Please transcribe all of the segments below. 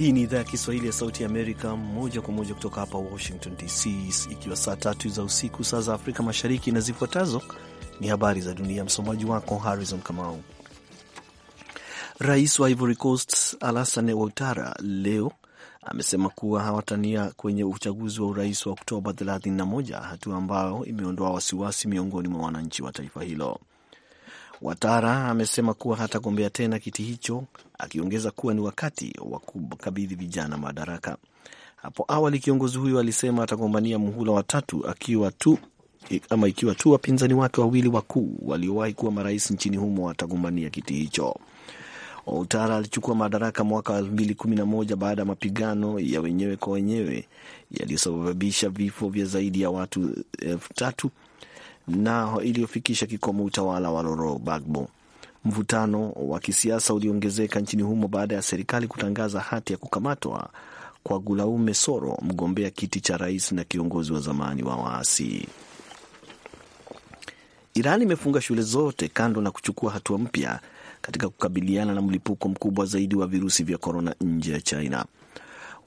Hii ni idhaa ya Kiswahili ya Sauti ya Amerika, moja kwa moja kutoka hapa Washington DC, ikiwa saa tatu za usiku, saa za Afrika Mashariki. Na zifuatazo ni habari za dunia, msomaji wako Harrison Kamau. Rais wa Ivory Coast Alassane Ouattara leo amesema kuwa hawatania kwenye uchaguzi wa urais wa Oktoba 31, hatua ambayo imeondoa wasiwasi miongoni mwa wananchi wa taifa hilo. Watara amesema kuwa hatagombea tena kiti hicho akiongeza kuwa ni wakati wa kukabidhi vijana madaraka. Hapo awali kiongozi huyo alisema atagombania muhula watatu akiwa tu ama ikiwa tu wapinzani wake wawili wakuu waliowahi kuwa marais nchini humo watagombania kiti hicho. Outara alichukua madaraka mwaka wa 2011 baada ya mapigano ya wenyewe kwa wenyewe yaliyosababisha vifo vya zaidi ya watu elfu tatu na iliyofikisha kikomo utawala wa Loro Bagbo. Mvutano wa kisiasa uliongezeka nchini humo baada ya serikali kutangaza hati ya kukamatwa kwa Gulaume Soro, mgombea kiti cha rais na kiongozi wa zamani wa waasi. Iran imefunga shule zote kando na kuchukua hatua mpya katika kukabiliana na mlipuko mkubwa zaidi wa virusi vya korona nje ya China.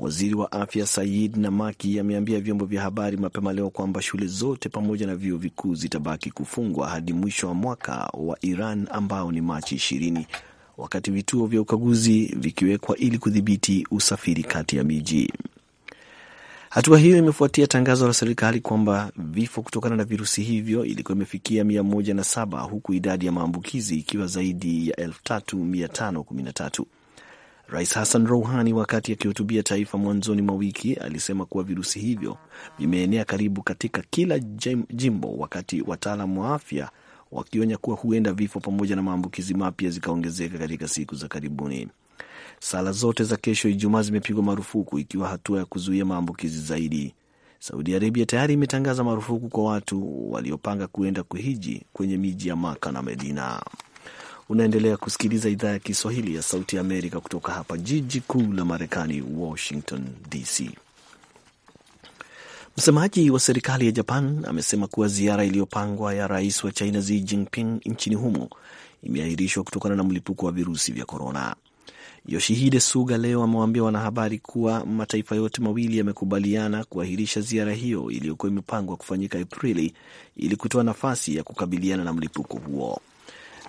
Waziri wa afya Said Namaki ameambia vyombo vya habari mapema leo kwamba shule zote pamoja na vyuo vikuu zitabaki kufungwa hadi mwisho wa mwaka wa Iran ambao ni Machi ishirini, wakati vituo vya ukaguzi vikiwekwa ili kudhibiti usafiri kati ya miji. Hatua hiyo imefuatia tangazo la serikali kwamba vifo kutokana na virusi hivyo ilikuwa imefikia 107 huku idadi ya maambukizi ikiwa zaidi ya 3513. Rais Hassan Rouhani wakati akihutubia taifa mwanzoni mwa wiki alisema kuwa virusi hivyo vimeenea karibu katika kila jimbo, wakati wataalam wa afya wakionya kuwa huenda vifo pamoja na maambukizi mapya zikaongezeka katika siku za karibuni. Sala zote za kesho Ijumaa zimepigwa marufuku ikiwa hatua ya kuzuia maambukizi zaidi. Saudi Arabia tayari imetangaza marufuku kwa watu waliopanga kuenda kuhiji kwenye miji ya Maka na Medina. Unaendelea kusikiliza idhaa ya Kiswahili ya Sauti ya Amerika kutoka hapa jiji kuu la Marekani, Washington DC. Msemaji wa serikali ya Japan amesema kuwa ziara iliyopangwa ya rais wa China Xi Jinping nchini humo imeahirishwa kutokana na mlipuko wa virusi vya korona. Yoshihide Suga leo amewaambia wanahabari kuwa mataifa yote mawili yamekubaliana kuahirisha ziara hiyo iliyokuwa imepangwa kufanyika Aprili ili kutoa nafasi ya kukabiliana na mlipuko huo.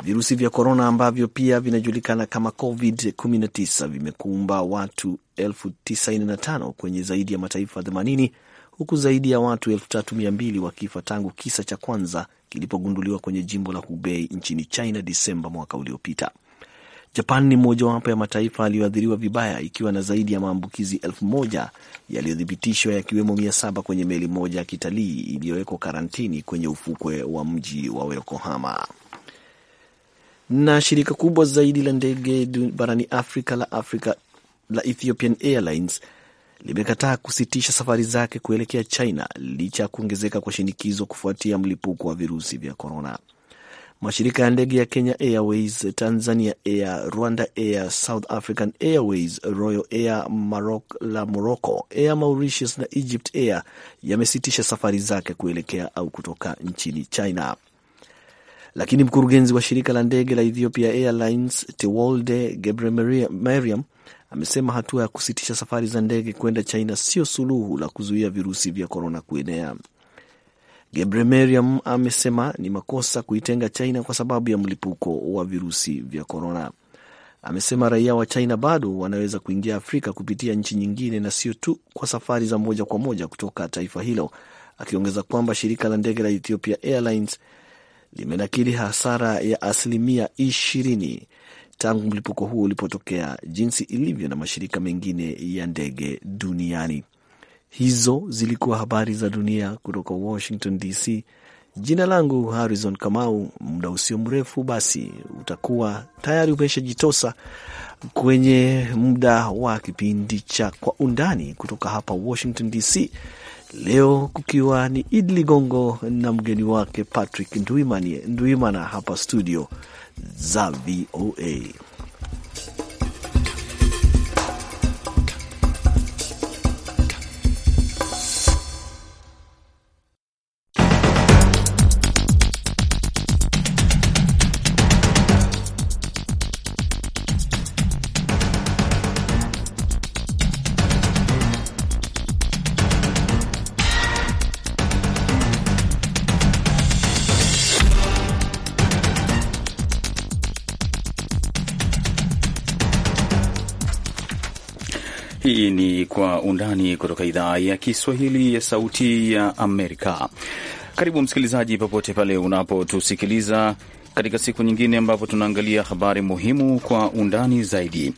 Virusi vya korona ambavyo pia vinajulikana kama COVID-19 vimekumba watu 95 kwenye zaidi ya mataifa 80 huku zaidi ya watu 32 wakifa tangu kisa cha kwanza kilipogunduliwa kwenye jimbo la Hubei nchini China Desemba mwaka uliopita. Japan ni mojawapo ya mataifa yaliyoathiriwa vibaya ikiwa na zaidi ya maambukizi elfu moja yaliyothibitishwa yakiwemo mia saba kwenye meli moja ya kitalii iliyowekwa karantini kwenye ufukwe wa mji wa Yokohama. Na shirika kubwa zaidi la ndege barani Afrika la Afrika la Ethiopian Airlines limekataa kusitisha safari zake kuelekea China licha ya kuongezeka kwa shinikizo kufuatia mlipuko wa virusi vya korona. Mashirika ya ndege ya Kenya Airways, Tanzania Air, Rwanda Air, South African Airways, Royal Air Maroc, la Morocco, Air Mauritius na Egypt Air yamesitisha safari zake kuelekea au kutoka nchini China lakini mkurugenzi wa shirika la ndege la Ethiopia Airlines Tewolde Mariam amesema hatua ya kusitisha safari za ndege kwenda China sio suluhu la kuzuia virusi vya korona kuenea. Mariam amesema ni makosa kuitenga China kwa sababu ya mlipuko wa virusi vya korona. Amesema raia wa China bado wanaweza kuingia Afrika kupitia nchi nyingine na sio tu kwa safari za moja kwa moja kutoka taifa hilo, akiongeza kwamba shirika la ndege la Ethiopia Airlines limenakili hasara ya asilimia ishirini tangu mlipuko huo ulipotokea, jinsi ilivyo na mashirika mengine ya ndege duniani. Hizo zilikuwa habari za dunia kutoka Washington DC. Jina langu Harrison Kamau. Muda usio mrefu basi utakuwa tayari umeshajitosa kwenye muda wa kipindi cha Kwa Undani kutoka hapa Washington DC, leo kukiwa ni Idi Ligongo na mgeni wake Patrick nduimana hapa studio za VOA. undani kutoka idhaa ya Kiswahili ya Sauti ya Amerika. Karibu msikilizaji, popote pale unapotusikiliza katika siku nyingine ambapo tunaangalia habari muhimu kwa undani zaidi.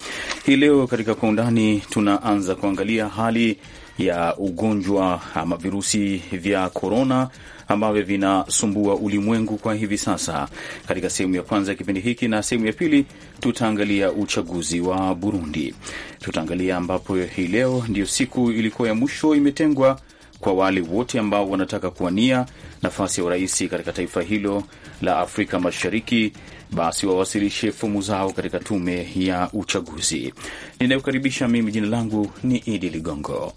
Hii leo katika kwa undani tunaanza kuangalia hali ya ugonjwa ama virusi vya korona ambavyo vinasumbua ulimwengu kwa hivi sasa, katika sehemu ya kwanza ya kipindi hiki, na sehemu ya pili tutaangalia uchaguzi wa Burundi. Tutaangalia ambapo hii leo ndiyo siku ilikuwa ya mwisho imetengwa kwa wale wote ambao wanataka kuwania nafasi ya urais katika taifa hilo la Afrika Mashariki, basi wawasilishe fomu zao katika tume ya uchaguzi. Ninayokaribisha mimi, jina langu ni Idi Ligongo.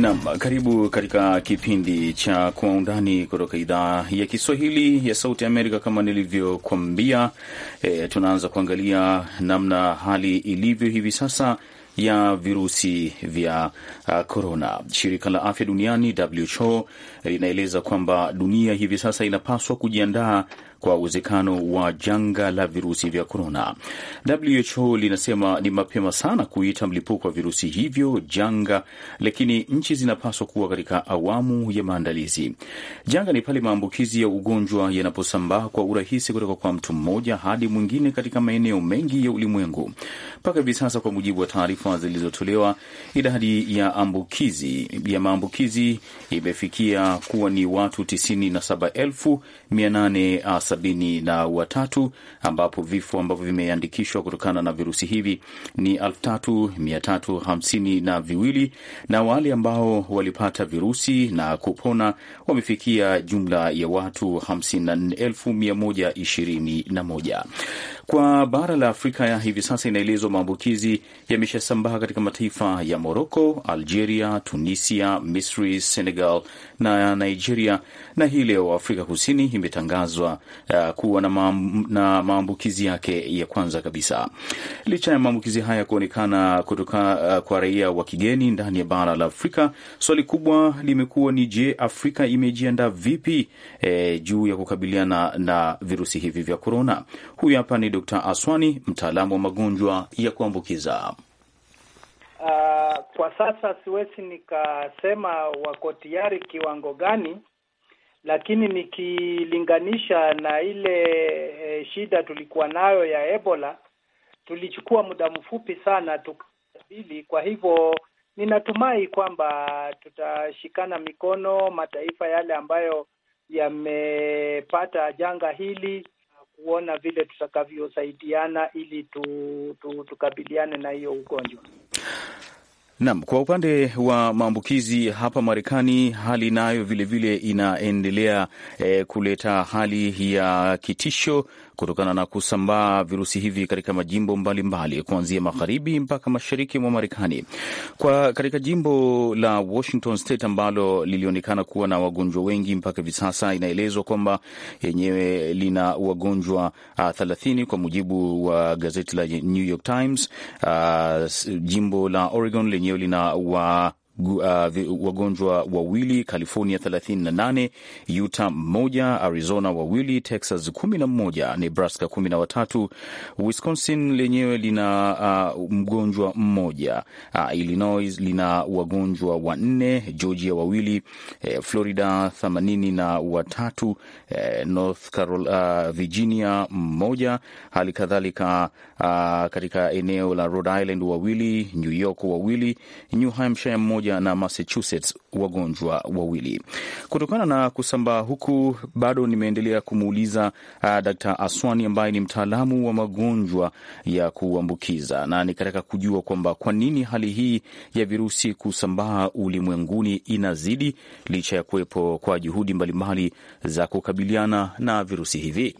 Nam, karibu katika kipindi cha Kwa Undani kutoka idhaa ya Kiswahili ya Sauti Amerika. Kama nilivyokuambia, e, tunaanza kuangalia namna hali ilivyo hivi sasa ya virusi vya korona. shirika la afya duniani WHO linaeleza kwamba dunia hivi sasa inapaswa kujiandaa kwa uwezekano wa janga la virusi vya korona. WHO linasema ni mapema sana kuita mlipuko wa virusi hivyo janga, lakini nchi zinapaswa kuwa katika awamu ya maandalizi. Janga ni pale maambukizi ya ugonjwa yanaposambaa kwa urahisi kutoka kwa mtu mmoja hadi mwingine katika maeneo mengi ya ulimwengu. Mpaka hivi sasa, kwa mujibu wa taarifa zilizotolewa, idadi ya ambukizi ya maambukizi imefikia kuwa ni watu 97,800 sabini na watatu ambapo vifo ambavyo vimeandikishwa kutokana na virusi hivi ni elfu tatu mia tatu hamsini na viwili na wale ambao walipata virusi na kupona wamefikia jumla ya watu hamsini na nne elfu mia moja ishirini na moja. Kwa bara la Afrika hivi sasa inaelezwa maambukizi yameshasambaa katika mataifa ya Moroko, Algeria, Tunisia, Misri, Senegal na Nigeria, na hii leo Afrika Kusini imetangazwa uh, kuwa na maambukizi yake ya kwanza kabisa. Licha ya maambukizi haya kuonekana kutoka uh, kwa raia wa kigeni ndani ya bara la Afrika, swali kubwa limekuwa ni je, Afrika imejiandaa vipi eh, juu ya kukabiliana na virusi hivi vya korona? Huyu hapa ni Dr. Aswani, mtaalamu wa magonjwa ya kuambukiza. Uh, kwa sasa siwezi nikasema wako tayari kiwango gani, lakini nikilinganisha na ile e, shida tulikuwa nayo ya Ebola, tulichukua muda mfupi sana tukabili. Kwa hivyo ninatumai kwamba tutashikana mikono, mataifa yale ambayo yamepata janga hili kuona vile tutakavyosaidiana ili tu, tu, tukabiliane na hiyo ugonjwa. Nam, kwa upande wa maambukizi hapa Marekani, hali nayo vilevile inaendelea e, kuleta hali ya kitisho kutokana na kusambaa virusi hivi katika majimbo mbalimbali kuanzia magharibi mpaka mashariki mwa Marekani. Kwa katika jimbo la Washington State ambalo lilionekana kuwa na wagonjwa wengi mpaka hivi sasa, inaelezwa kwamba yenyewe lina wagonjwa ah, thelathini kwa mujibu wa gazeti la New York Times. Ah, jimbo la Oregon lenyewe lina wa uh, wagonjwa wawili, California 38, Utah moja, Arizona wawili, Texas 11, Nebraska 13, Wisconsin lenyewe lina uh, mgonjwa mmoja, uh, Illinois lina wagonjwa wanne, Georgia wawili, eh, Florida 80 na watatu, eh, North Carolina, uh, Virginia mmoja, hali kadhalika uh, katika eneo la Rhode Island wawili, New York wawili, New Hampshire mmoja pamoja na Massachusetts wagonjwa wawili. Kutokana na kusambaa huku, bado nimeendelea kumuuliza uh, Dr. Aswani ambaye ni mtaalamu wa magonjwa ya kuambukiza na nikataka kujua kwamba kwa nini hali hii ya virusi kusambaa ulimwenguni inazidi licha ya kuwepo kwa juhudi mbalimbali za kukabiliana na virusi hivi.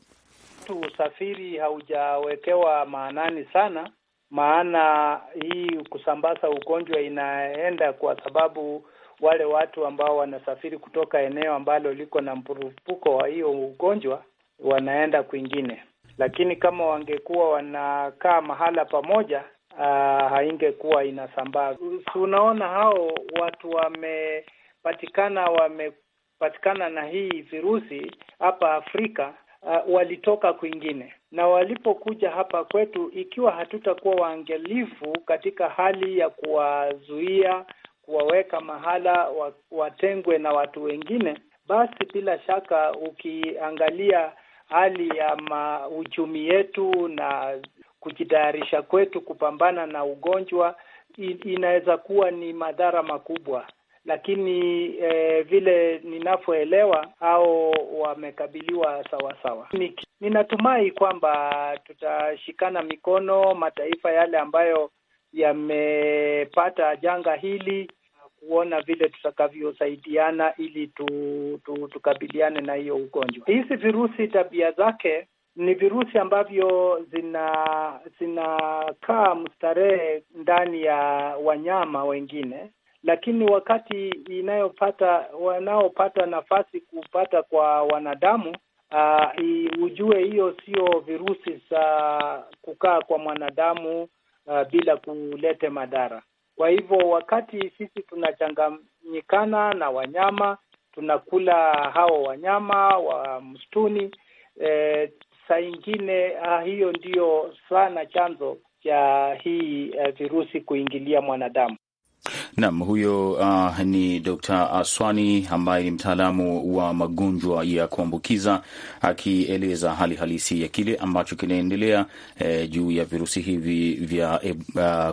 Usafiri haujawekewa maanani sana maana hii kusambaza ugonjwa inaenda kwa sababu wale watu ambao wanasafiri kutoka eneo ambalo liko na mpurupuko wa hiyo ugonjwa wanaenda kwingine, lakini kama wangekuwa wanakaa mahala pamoja Uh, haingekuwa inasambaa. Unaona, hao watu wamepatikana wamepatikana na hii virusi hapa Afrika uh, walitoka kwingine na walipokuja hapa kwetu, ikiwa hatutakuwa waangalifu katika hali ya kuwazuia, kuwaweka mahala watengwe na watu wengine, basi bila shaka ukiangalia hali ya uchumi yetu na kujitayarisha kwetu kupambana na ugonjwa inaweza kuwa ni madhara makubwa lakini e, vile ninavyoelewa au wamekabiliwa sawasawa. Ninatumai kwamba tutashikana mikono, mataifa yale ambayo yamepata janga hili kuona vile tutakavyosaidiana ili tu, tu, tukabiliane na hiyo ugonjwa. Hizi virusi tabia zake ni virusi ambavyo zina zinakaa mstarehe ndani ya wanyama wengine lakini wakati inayopata wanaopata nafasi kupata kwa wanadamu uh, i, ujue hiyo sio virusi za kukaa kwa mwanadamu uh, bila kulete madhara. Kwa hivyo wakati sisi tunachanganyikana na wanyama, tunakula hao wanyama wa msituni eh, saa ingine ah, hiyo ndiyo sana chanzo cha hii eh, virusi kuingilia mwanadamu. Naam, huyo uh, ni Dr. Aswani ambaye ni mtaalamu wa magonjwa ya kuambukiza akieleza hali halisi ya kile ambacho kinaendelea eh, juu ya virusi hivi vya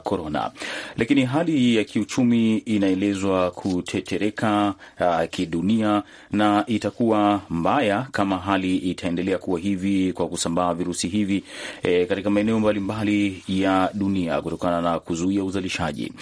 korona. Eh, ah, uh, lakini hali ya kiuchumi inaelezwa kutetereka uh, kidunia na itakuwa mbaya kama hali itaendelea kuwa hivi kwa kusambaa virusi hivi eh, katika maeneo mbalimbali ya dunia kutokana na kuzuia uzalishaji,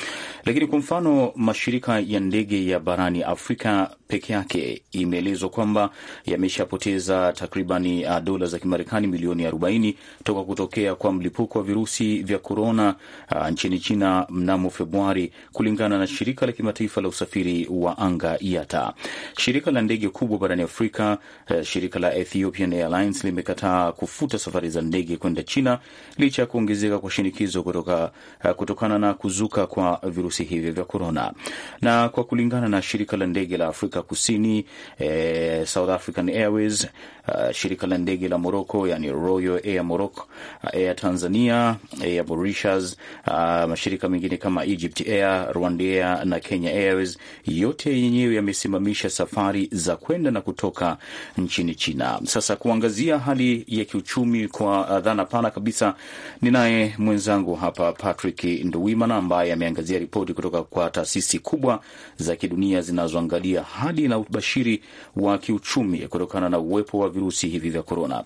lakini kwa mfano mfano mashirika ya ndege ya barani Afrika peke yake imeelezwa kwamba yameshapoteza takribani uh, dola za Kimarekani milioni 40 toka kutokea kwa mlipuko wa virusi vya korona uh, nchini China mnamo Februari, kulingana na shirika la kimataifa la usafiri wa anga IATA. Shirika la ndege kubwa barani Afrika, uh, shirika la Ethiopian Airlines limekataa kufuta safari za ndege kwenda China licha ya kuongezeka kwa shinikizo kutoka, kutokana na kuzuka kwa virusi hivyo vya korona korona. Na kwa kulingana na shirika la ndege la Afrika Kusini eh, South African Airways Uh, shirika la ndege la Morocco, yani Royal Air Morocco, uh, Air Tanzania, Air Mauritius, uh, mashirika mengine kama Egypt Air, Rwanda Air na Kenya Airways, yote yenyewe yamesimamisha safari za kwenda na kutoka nchini China. Sasa kuangazia hali ya kiuchumi kwa uh, dhana pana kabisa, ninaye mwenzangu hapa Patrick Nduwimana ambaye ameangazia ripoti kutoka kwa taasisi kubwa za kidunia zinazoangalia hali na ubashiri wa kiuchumi kutokana na uwepo wa virusi hivi vya korona.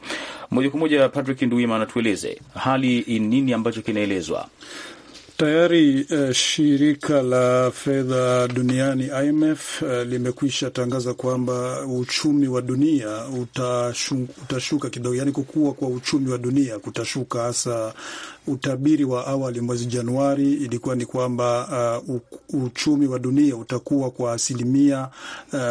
Moja kwa moja, Patrick Nduima anatueleze hali nini ambacho kinaelezwa tayari. Uh, shirika la fedha duniani IMF uh, eh, limekwisha tangaza kwamba uchumi wa dunia utashu, utashuka kidogo, yaani kukua kwa uchumi wa dunia kutashuka hasa utabiri wa awali mwezi Januari ilikuwa ni kwamba uh, uchumi wa dunia utakuwa kwa asilimia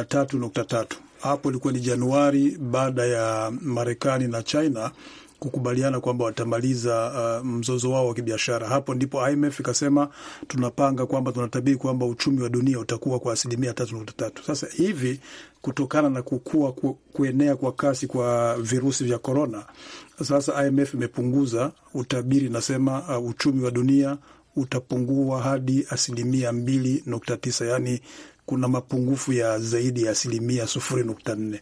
tatu nukta tatu hapo ilikuwa ni Januari baada ya Marekani na China kukubaliana kwamba watamaliza uh, mzozo wao wa kibiashara. Hapo ndipo IMF ikasema tunapanga kwamba tunatabiri kwamba uchumi wa dunia utakuwa kwa asilimia tatu nukta tatu. Sasa hivi kutokana na kukua ku, kuenea kwa kasi kwa virusi vya korona, sasa IMF imepunguza utabiri, nasema uh, uchumi wa dunia utapungua hadi asilimia mbili nukta tisa yani kuna mapungufu ya zaidi ya asilimia sufuri nukta nne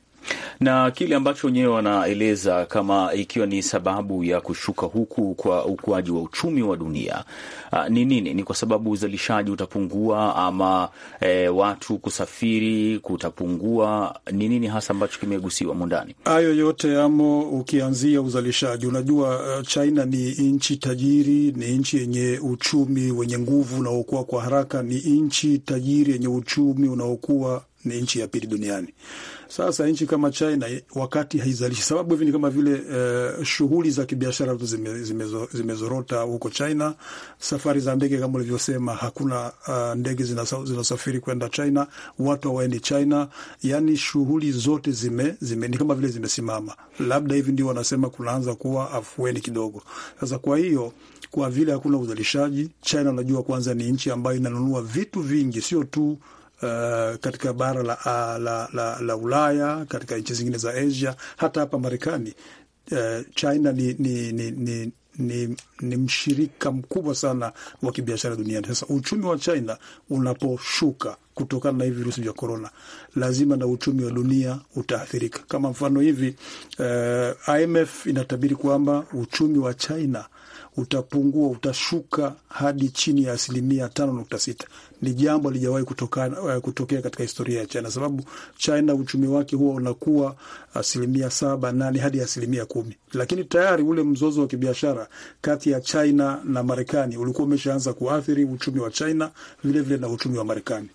na kile ambacho wenyewe wanaeleza kama ikiwa ni sababu ya kushuka huku kwa ukuaji wa uchumi wa dunia ni nini? Ni kwa sababu uzalishaji utapungua ama e, watu kusafiri kutapungua? Ni nini hasa ambacho kimegusiwa mundani? Hayo yote yamo, ukianzia uzalishaji. Unajua, e, China ni nchi tajiri, ni nchi yenye uchumi wenye nguvu unaokuwa kwa haraka, ni nchi tajiri yenye uchumi unaokuwa ni nchi ya pili duniani. Sasa nchi kama China wakati haizalishi, sababu hivi ni kama vile uh, shughuli za kibiashara tu zimezorota zime, zime huko China. Safari za ndege kama ulivyosema, hakuna uh, ndege zinasafiri kwenda China, watu hawaendi China, yani shughuli zote zime, zime, ni kama vile zimesimama. Labda hivi ndio wanasema kunaanza kuwa afueni kidogo. Sasa kwa hiyo kwa vile hakuna uzalishaji, China unajua, kwanza ni nchi ambayo inanunua vitu vingi, sio tu uh, katika bara la, la, la, la Ulaya, katika nchi zingine za Asia, hata hapa Marekani. Uh, China ni, ni, ni, ni ni, ni mshirika mkubwa sana wa kibiashara duniani. Sasa uchumi wa China unaposhuka kutokana na hivi virusi vya korona, lazima na uchumi wa dunia utaathirika. Kama mfano hivi, uh, eh, IMF inatabiri kwamba uchumi wa China utapungua, utashuka hadi chini ya asilimia tano nukta sita. Ni jambo alijawahi eh, kutokea katika historia ya China, sababu China uchumi wake huwa unakuwa asilimia saba nane hadi asilimia kumi, lakini tayari ule mzozo wa kibiashara kati ya China na Marekani ulikuwa umeshaanza kuathiri uchumi wa China vilevile vile na uchumi wa Marekani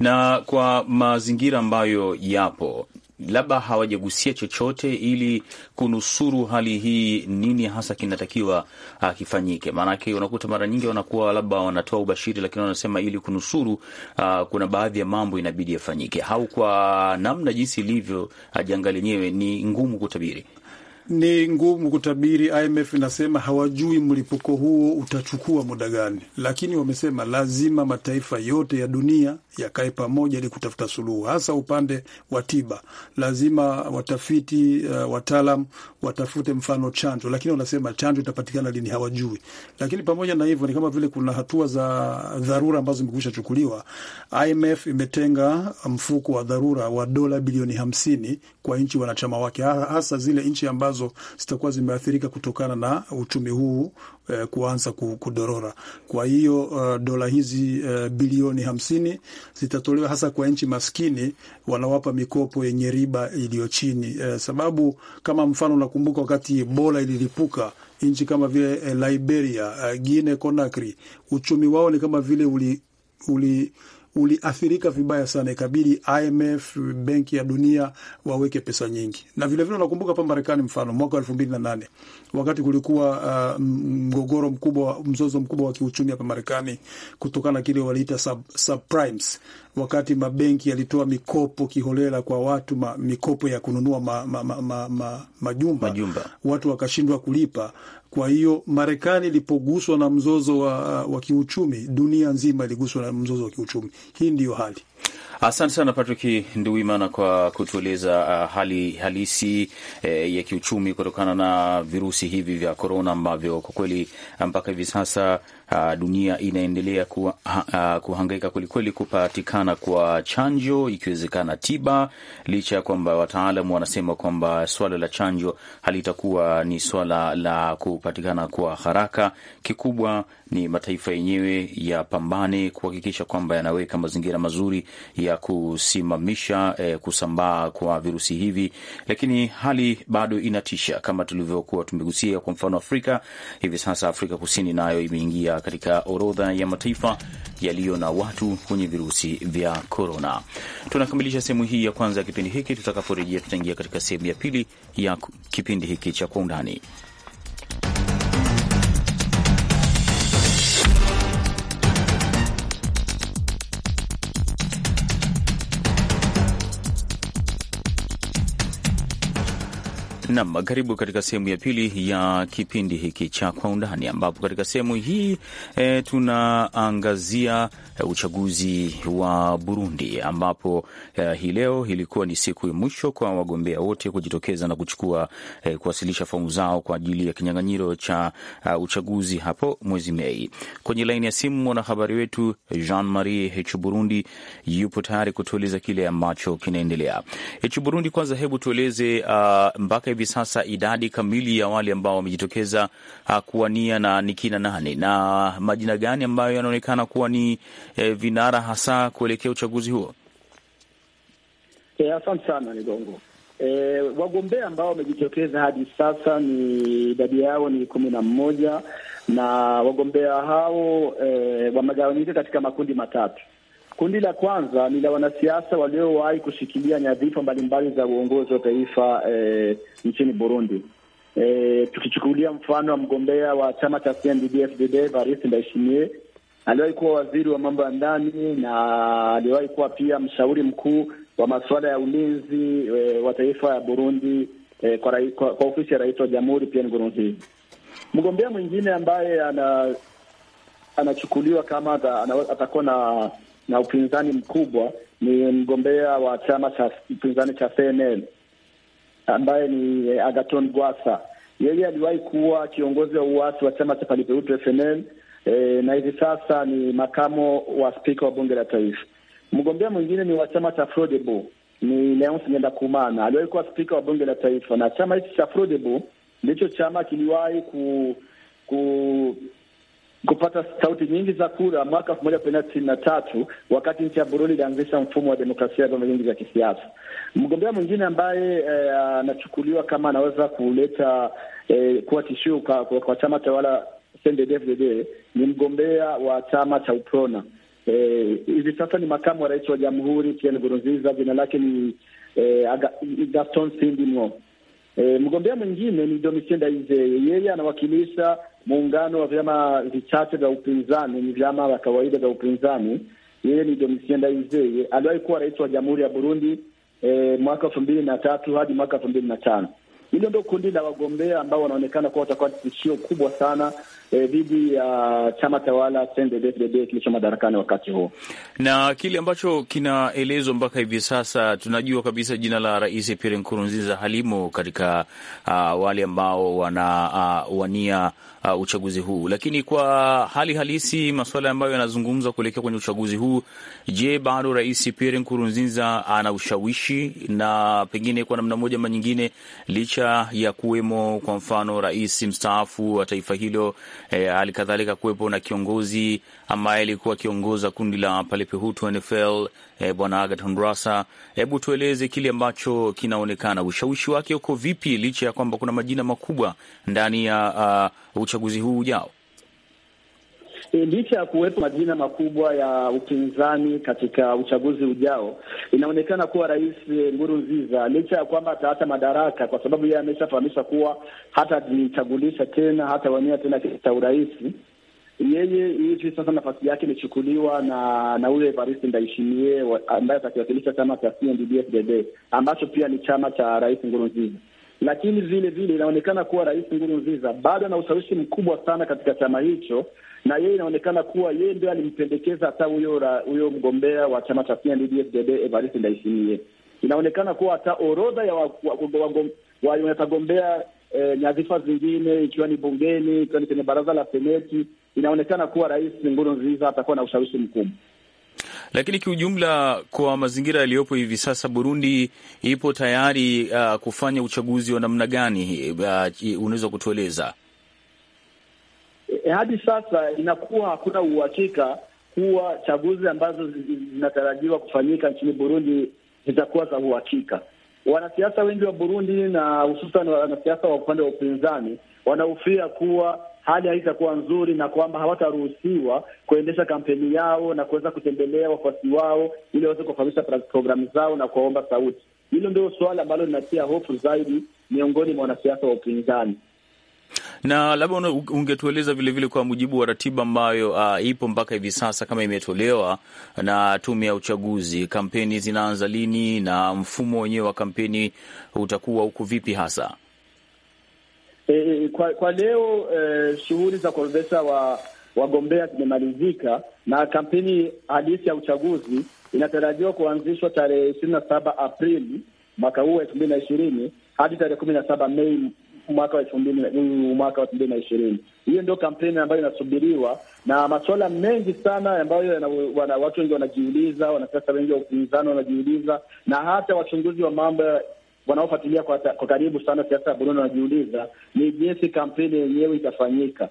na kwa mazingira ambayo yapo labda hawajagusia chochote ili kunusuru hali hii. Nini hasa kinatakiwa uh, kifanyike? Maanake unakuta mara nyingi wanakuwa labda wanatoa ubashiri, lakini wanasema ili kunusuru, uh, kuna baadhi ya mambo inabidi yafanyike, au kwa namna jinsi ilivyo, uh, ah, janga lenyewe ni ngumu kutabiri ni ngumu kutabiri. IMF inasema hawajui mlipuko huo utachukua muda gani, lakini wamesema lazima mataifa yote ya dunia yakae pamoja ili kutafuta suluhu, hasa upande wa tiba. Lazima watafiti, uh, wataalam watafute mfano chanjo, lakini wanasema chanjo itapatikana lini hawajui. Lakini pamoja na hivyo, ni kama vile kuna hatua za dharura ambazo zimekwisha chukuliwa. IMF imetenga mfuko wa dharura wa dola bilioni hamsini kwa nchi wanachama wake, hasa zile nchi ambazo ambazo zitakuwa zimeathirika kutokana na uchumi huu eh, kuanza kudorora. Kwa hiyo uh, dola hizi uh, bilioni hamsini zitatolewa hasa kwa nchi maskini, wanawapa mikopo yenye riba iliyo chini eh, sababu kama mfano nakumbuka wakati bola ililipuka nchi kama vile eh, Liberia, eh, Guinea Conakry uchumi wao ni kama vile uli, uli uliathirika vibaya sana, ikabidi IMF, Benki ya Dunia waweke pesa nyingi, na vilevile unakumbuka hapa Marekani mfano mwaka wa elfu mbili na nane wakati kulikuwa uh, mgogoro mkubwa, mzozo mkubwa wa kiuchumi hapa Marekani kutokana na kile waliita sub, subprimes, wakati mabenki yalitoa mikopo kiholela kwa watu ma, mikopo ya kununua ma, ma, ma, ma, ma, majumba. Majumba watu wakashindwa kulipa. Kwa hiyo Marekani ilipoguswa na mzozo wa, uh, wa kiuchumi, dunia nzima iliguswa na mzozo wa kiuchumi. Hii ndiyo hali Asante sana Patrick Nduwimana kwa kutueleza uh, hali halisi eh, ya kiuchumi kutokana na virusi hivi vya korona ambavyo kwa kweli uh, mpaka hivi sasa uh, dunia inaendelea kuha, uh, ah, ah, kuhangaika kwelikweli kupatikana kwa chanjo, ikiwezekana tiba, licha ya kwamba wataalam wanasema kwamba swala la chanjo halitakuwa ni swala la kupatikana kwa haraka. Kikubwa ni mataifa yenyewe yapambane kuhakikisha kwamba yanaweka mazingira mazuri ya kusimamisha eh, kusambaa kwa virusi hivi, lakini hali bado inatisha kama tulivyokuwa tumegusia. Kwa mfano Afrika hivi sasa, Afrika Kusini nayo imeingia katika orodha ya mataifa yaliyo na watu wenye virusi vya korona. Tunakamilisha sehemu hii ya kwanza ya kipindi hiki. Tutakaporejea, tutaingia katika sehemu ya pili ya kipindi hiki cha Kwa Undani. Nam, karibu katika sehemu ya pili ya kipindi hiki cha Kwa Undani, ambapo katika sehemu hii e, tunaangazia e, uchaguzi wa Burundi, ambapo e, hii leo ilikuwa ni siku ya mwisho kwa wagombea wote kujitokeza na kuchukua e, kuwasilisha fomu zao kwa ajili ya kinyang'anyiro cha uh, uchaguzi hapo mwezi Mei. Kwenye laini ya simu mwanahabari wetu Jean Marie Hichu Burundi yupo tayari kutueleza kile ambacho kinaendelea. Hichu Burundi, kwanza hebu tueleze uh, mpaka hivi sasa idadi kamili ya wale ambao wamejitokeza ah, kuwania na ni kina nani na majina gani ambayo yanaonekana kuwa ni e, vinara hasa kuelekea uchaguzi huo? Eh, asante sana Ligongo. E, wagombea ambao wamejitokeza hadi sasa ni idadi yao ni kumi na mmoja na wagombea hao e, wamegawanyika katika makundi matatu. Kundi la kwanza ni la wanasiasa waliowahi kushikilia nyadhifa mbalimbali za uongozi wa taifa eh, nchini Burundi. Eh, tukichukulia mfano wa mgombea wa chama cha CNDD-FDD Evariste Ndayishimiye aliwahi kuwa waziri wa mambo ya ndani na aliwahi kuwa pia mshauri mkuu wa masuala ya ulinzi e, wa taifa ya Burundi e, kwa, rai, kwa, kwa ofisi ya rais wa jamhuri Pierre Nkurunziza. Mgombea mwingine ambaye ana anachukuliwa kama atakuwa na na upinzani mkubwa ni mgombea wa chama cha upinzani cha CNL ambaye ni eh, Agaton Gwasa. Yeye aliwahi kuwa kiongozi wa uasi wa chama cha Palipeutu FNL e, eh, na hivi sasa ni makamo wa spika wa bunge la taifa. Mgombea mwingine ni wa chama cha Frodebo ni Leonce Ngendakumana, aliwahi kuwa spika wa bunge la taifa, na chama hichi cha Frodebo ndicho chama kiliwahi ku, ku kupata sauti nyingi za kura mwaka elfu moja mia tisini na tatu wakati nchi ya Burundi ilianzisha mfumo wa demokrasia ya vyama vingi vya kisiasa. Mgombea mwingine ambaye eh, anachukuliwa eh, kama anaweza kuleta eh, kuwa tishio kwa, kwa, kwa chama tawala CNDD-FDD ni mgombea wa chama cha UPRONA eh, hivi eh, sasa ni makamu wa rais wa jamhuri Pierre Nkurunziza, jina lake ni eh, Gaston Sindimwo. Eh, mgombea mwingine ni Domitien Daizeye, yeye anawakilisha muungano wa vyama vichache vya upinzani, ni vyama vya kawaida vya upinzani. Yeye ni Domitien Ndayizeye, aliwahi kuwa rais wa jamhuri ya Burundi eh, mwaka elfu mbili na tatu hadi mwaka elfu mbili na tano hilo ndo kundi la wagombea ambao wanaonekana kuwa watakuwa tishio kubwa sana eh, dhidi ya uh, chama tawala CNDD-FDD kilicho madarakani wakati huo, na kile ambacho kinaelezwa mpaka hivi sasa. Tunajua kabisa jina la Rais Pierre Nkurunziza halimo katika uh, wale ambao wanawania ah, uh, ah, uh, uchaguzi huu, lakini kwa hali halisi masuala ambayo yanazungumzwa kuelekea kwenye uchaguzi huu, je, bado Rais Pierre Nkurunziza ana ushawishi na pengine kwa namna moja ama nyingine licha licha ya kuwemo kwa mfano rais mstaafu wa taifa hilo, eh, hali e, kadhalika kuwepo na kiongozi ambaye alikuwa akiongoza kundi la Palepehutu NFL e, eh, bwana agaton rasa Hebu tueleze kile ambacho kinaonekana, ushawishi wake uko vipi, licha ya kwamba kuna majina makubwa ndani ya uh, uchaguzi huu ujao? E, licha ya kuwepo majina makubwa ya upinzani katika uchaguzi ujao, inaonekana kuwa Rais e, Nkurunziza licha ya kwamba ataacha madaraka, kwa sababu yeye ameshafahamisha kuwa hatajichagulisha tena, hatawania tena kiti cha urais. Yeye hivi sasa nafasi yake imechukuliwa na na ule Evariste Ndayishimiye ambaye atakiwakilisha chama cha CNDD-FDD ambacho pia ni chama cha Rais Nkurunziza lakini vile vile inaonekana kuwa Rais Nkurunziza bado ana ushawishi mkubwa sana katika chama hicho, na yeye inaonekana kuwa yeye ndio alimpendekeza hata huyo huyo mgombea wa chama cha CNDD-FDD Evariste Ndayishimiye. Inaonekana kuwa hata orodha ya watagombea E, nyadhifa zingine ikiwa ni bungeni, ikiwa ni kwenye baraza la seneti, inaonekana kuwa Rais Nkurunziza atakuwa na ushawishi mkubwa. Lakini kiujumla, kwa mazingira yaliyopo hivi sasa, Burundi ipo tayari uh, kufanya uchaguzi wa namna gani? Uh, unaweza kutueleza? E, hadi sasa inakuwa hakuna uhakika kuwa chaguzi ambazo zinatarajiwa kufanyika nchini Burundi zitakuwa za uhakika. Wanasiasa wengi wa Burundi na hususan wanasiasa wa upande wa upinzani wanahofia kuwa hali haitakuwa nzuri na kwamba hawataruhusiwa kuendesha kampeni yao na kuweza kutembelea wafuasi wao ili waweze kuwafahamisha programu zao na kuwaomba sauti. Hilo ndio suala ambalo linatia hofu zaidi miongoni mwa wanasiasa wa upinzani na labda ungetueleza vilevile kwa mujibu wa ratiba ambayo uh, ipo mpaka hivi sasa kama imetolewa na tume ya uchaguzi, kampeni zinaanza lini na mfumo wenyewe wa kampeni utakuwa huko vipi hasa? E, kwa, kwa leo e, shughuli za kuorodhesha wa wagombea zimemalizika na kampeni halisi ya uchaguzi inatarajiwa kuanzishwa tarehe ishirini na saba Aprili mwaka huu wa elfu mbili na ishirini hadi tarehe kumi na saba Mei mwaka wa elfu mbili mwaka wa elfu mbili na ishirini. Hiyo ndio kampeni ambayo inasubiriwa na masuala mengi sana ambayo watu wengi wanajiuliza, wanasiasa wengi wa upinzani wanajiuliza, na hata wachunguzi wa mambo wanaofuatilia kwa, kwa karibu sana siasa ya Burundi wanajiuliza ni jinsi kampeni yenyewe itafanyika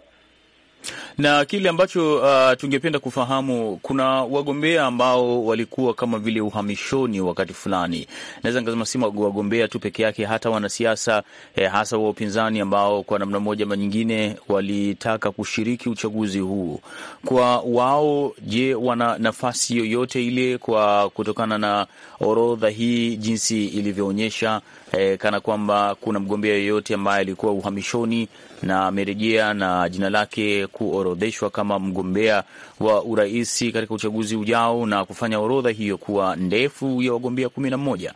na kile ambacho uh, tungependa kufahamu, kuna wagombea ambao walikuwa kama vile uhamishoni wakati fulani. Naweza nikasema si wagombea tu peke yake, hata wanasiasa eh, hasa wa upinzani ambao kwa namna moja ama nyingine walitaka kushiriki uchaguzi huu. Kwa wao, je, wana nafasi yoyote ile kwa kutokana na orodha hii jinsi ilivyoonyesha, eh, kana kwamba kuna mgombea yoyote ambaye alikuwa uhamishoni na amerejea na jina lake kuorodheshwa kama mgombea wa uraisi katika uchaguzi ujao na kufanya orodha hiyo kuwa ndefu ya wagombea kumi na mmoja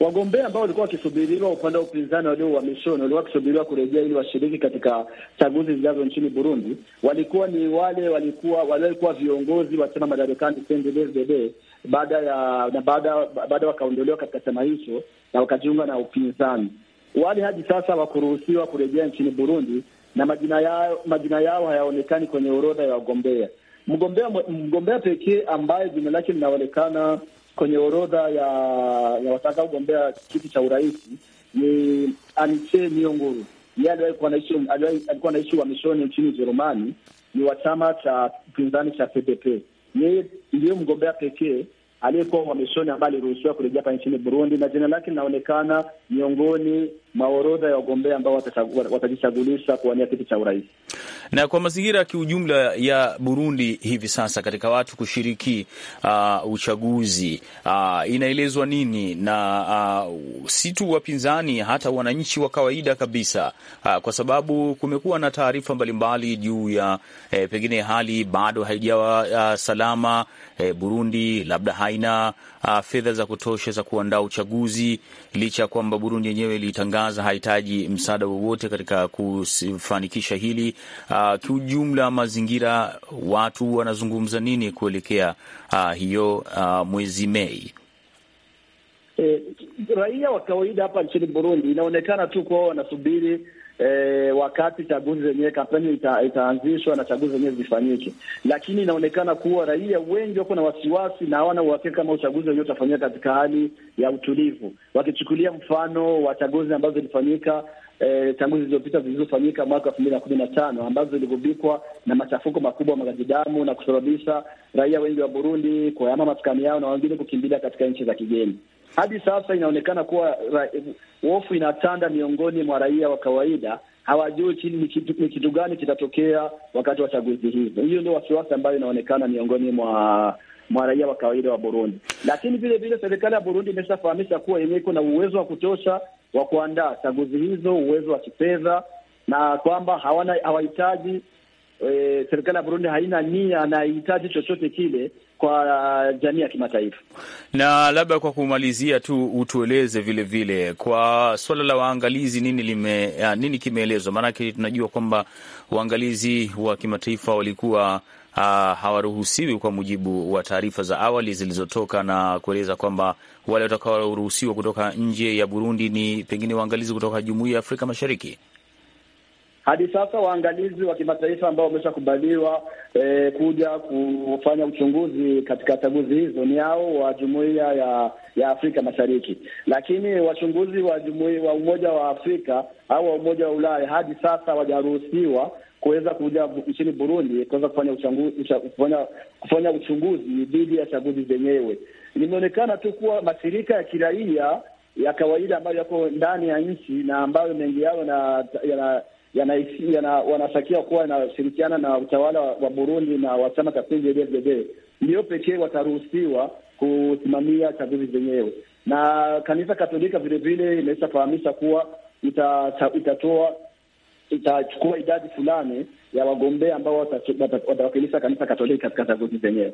wagombea ambao walikuwa wakisubiriwa upande wa upinzani walio uhamishoni walikuwa wakisubiriwa kurejea ili washiriki katika chaguzi zijazo nchini Burundi walikuwa ni wale walikuwa waliokuwa viongozi wa chama madarakani CNDD-FDD baada ya na baada baada wakaondolewa katika chama hicho na wakajiunga na upinzani wale hadi sasa wakuruhusiwa kurejea nchini Burundi na majina yao, majina yao hayaonekani kwenye orodha ya wagombea. Mgombea mgombea pekee ambaye jina lake linaonekana kwenye orodha ya, ya kugombea kiti cha urais ni Aniche Nionguru. Yeye alikuwa anaishi uhamishoni nchini Ujerumani, ni wa chama cha upinzani cha pdp Yeye ndiyo mgombea pekee aliyekuwa wa ambaye aliruhusiwa kurejea hapa nchini Burundi, na jina lake linaonekana miongoni maorodha ya wagombea ambao watajichagulisha kuwania kiti cha urais. Na kwa mazingira ya kiujumla ya Burundi hivi sasa katika watu kushiriki uh, uchaguzi uh, inaelezwa nini na uh, si tu wapinzani, hata wananchi wa kawaida kabisa uh, kwa sababu kumekuwa na taarifa mbalimbali juu ya eh, pengine hali bado haijawa uh, salama eh, Burundi labda haina uh, fedha za kutosha za kuandaa uchaguzi, licha ya kwamba Burundi yenyewe ilitangaza hahitaji msaada wowote katika kufanikisha hili. Uh, kiujumla, mazingira, watu wanazungumza nini kuelekea uh, hiyo uh, mwezi Mei? E, raia wa kawaida hapa nchini Burundi inaonekana tu kwao wanasubiri e, wakati chaguzi zenyewe kampeni ita, itaanzishwa na chaguzi zenyewe zifanyike, lakini inaonekana kuwa raia wengi wako na wasiwasi na hawana uhakika kama uchaguzi wenyewe utafanyika katika hali ya utulivu, wakichukulia mfano wa chaguzi ambazo zilifanyika E, chaguzi zilizopita zilizofanyika mwaka elfu mbili na kumi na tano ambazo ziligubikwa na machafuko makubwa magaji damu na kusababisha raia wengi wa Burundi kuhama maskani yao na wengine kukimbilia katika nchi za kigeni. Hadi sasa inaonekana kuwa hofu inatanda miongoni mwa raia wa kawaida, hawajui chini ni kitu, gani kitatokea wakati wa chaguzi hizo. Hiyo ndio wasiwasi ambayo inaonekana miongoni mwa mwa raia wa kawaida wa Burundi. Lakini vile vile serikali ya Burundi imeshafahamisha kuwa yenyewe iko na uwezo wa kutosha wa kuandaa chaguzi hizo, uwezo wa kifedha na kwamba hawana hawahitaji e, serikali ya Burundi haina nia na hahitaji chochote kile kwa jamii ya kimataifa. Na labda kwa kumalizia tu, utueleze vilevile vile, kwa suala la waangalizi nini lime, ya, nini kimeelezwa? Maanake tunajua kwamba waangalizi wa kimataifa walikuwa Uh, hawaruhusiwi kwa mujibu wa taarifa za awali zilizotoka na kueleza kwamba wale watakaoruhusiwa kutoka nje ya Burundi ni pengine waangalizi kutoka Jumuiya ya Afrika Mashariki. Hadi sasa waangalizi wa kimataifa ambao wameshakubaliwa eh, kuja kufanya uchunguzi katika chaguzi hizo ni hao wa jumuiya ya, ya Afrika Mashariki, lakini wachunguzi wa jumuiya wa Umoja wa Afrika au wa Umoja wa Ulaya hadi sasa wajaruhusiwa kuweza kuja nchini Burundi kuweza kufanya kufanya kufanya uchunguzi dhidi ya chaguzi zenyewe. Limeonekana tu kuwa mashirika ya kiraia ya kawaida ambayo yako ndani ya nchi na ambayo mengi yao na, ya, yana wanatakiwa kuwa yanashirikiana na utawala wa Burundi na wachama cha CNDD-FDD ndio pekee wataruhusiwa kusimamia chaguzi zenyewe, na kanisa Katolika vilevile imeshafahamisha kuwa itatoa itachukua idadi fulani ya wagombea ambao watawakilisha kanisa Katoliki katika chaguzi zenyewe.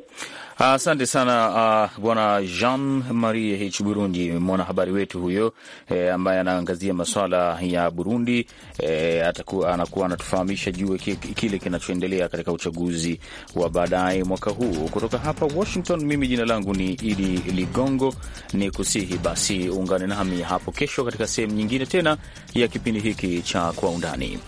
Asante sana uh, Bwana Jean Marie H Burundi, mwanahabari wetu huyo eh, ambaye anaangazia maswala ya Burundi eh, atakuwa, anakuwa anatufahamisha juu kile kinachoendelea katika uchaguzi wa baadaye mwaka huu. Kutoka hapa Washington, mimi jina langu ni Idi Ligongo, ni kusihi basi uungane nami hapo kesho katika sehemu nyingine tena ya kipindi hiki cha Kwa Undani.